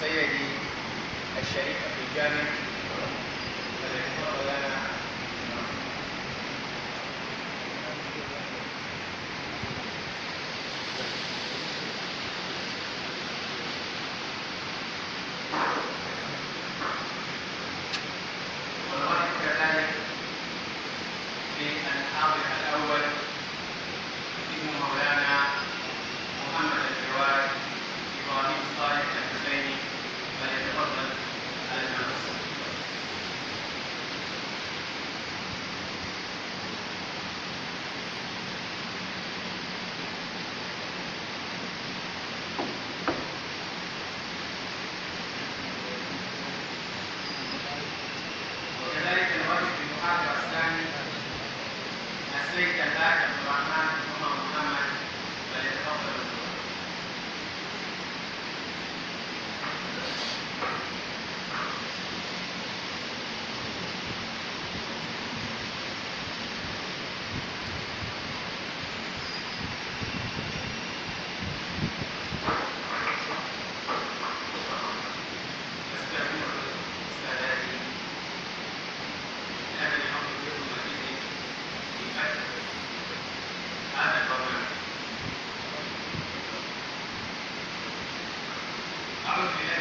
سيدي الشريف الجامع الذي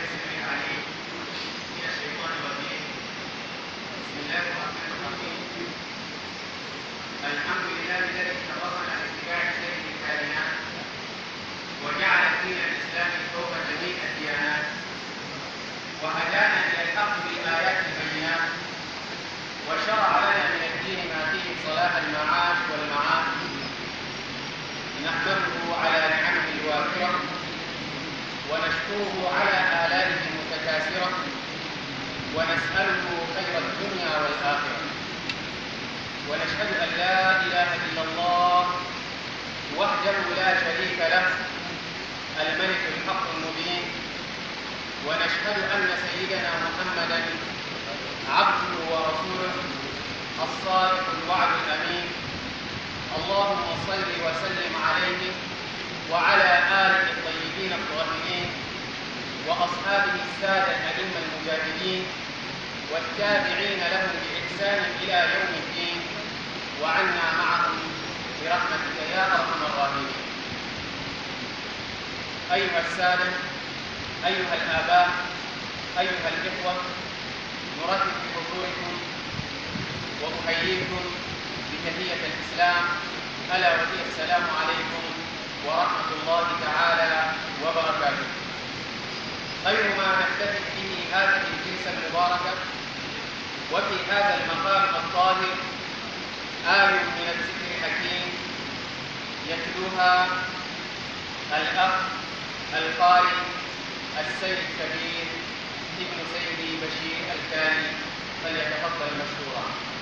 Yes, we want to be. We left one. ونشهد أن لا إله إلا الله وحده لا شريك له الملك الحق المبين ونشهد أن سيدنا محمدا عبده ورسوله الصادق الوعد الأمين اللهم صل وسلم عليه وعلى آله الطيبين الطاهرين وأصحابه السادة الأئمة المجاهدين والتابعين لهم بإحسان إلى يوم الدين وعنا معهم برحمتك يا ارحم الراحمين ايها الساده ايها الاباء ايها الاخوه نرحب بحضوركم واحييكم بتحيه الاسلام الا وهي السلام عليكم ورحمه الله تعالى وبركاته خير ما نحتفل به هذه الجلسه المباركه وفي هذا المقام الطاهر آية من الذكر الحكيم يتلوها الأخ القارئ السيد الكبير ابن سيدي بشير الكاني فليتفضل مشكورا